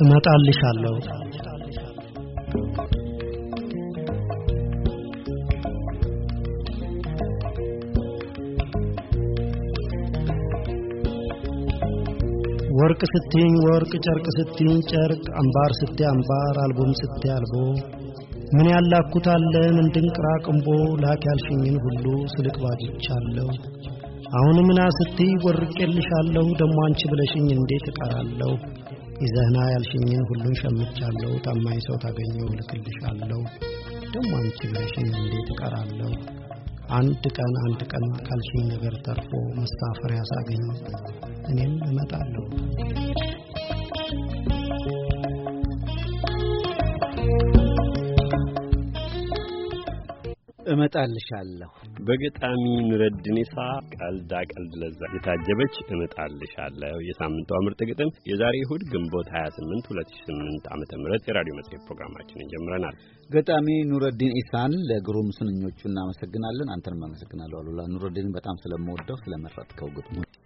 እመጣልሻለሁ ወርቅ ስትኝ ወርቅ ጨርቅ ስትኝ ጨርቅ አምባር ስቴ አምባር አልቦም ስቴ አልቦ ምን ምን ድንቅራ ቅንቦ ላክ ያልሽኝን ሁሉ ስልቅ ባጅቻለሁ አሁን ምና ስትይ ወርቄልሻለሁ ደሞ አንቺ ብለሽኝ እንዴት እቀራለሁ ይዘህና ያልሽኝን ሁሉን ሸምቻለሁ። ታማኝ ሰው ታገኘው እልክልሻለሁ። ደግሞ አንቺ ብለሽኝ እንዴት እቀራለሁ? አንድ ቀን አንድ ቀን ካልሽኝ ነገር ተርፎ መሳፈሪያ ሳገኝ እኔም እመጣለሁ። እመጣልሻለሁ በገጣሚ ንረድ ኔሳ ቀልዳ ቀልድ ለዛ የታጀበች እመጣልሻለሁ የሳምንቷ ምርጥ ግጥም የዛሬ እሁድ ግንቦት 28 2008 ዓመተ ምህረት የራዲዮ መጽሔት ፕሮግራማችንን ጀምረናል። ገጣሚ ኑረዲን ኢሳን ለግሩም ስንኞቹ እናመሰግናለን። አንተንም አመሰግናለሁ አሉላ። ኑረዲን በጣም ስለምወደው ስለመረጥከው ግጥሞች